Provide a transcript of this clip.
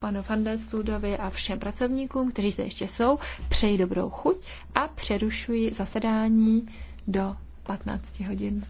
panu Fandelstudovi a všem pracovníkům, kteří zde ještě jsou, přeji dobrou chuť a přerušuji zasedání do 15 hodin.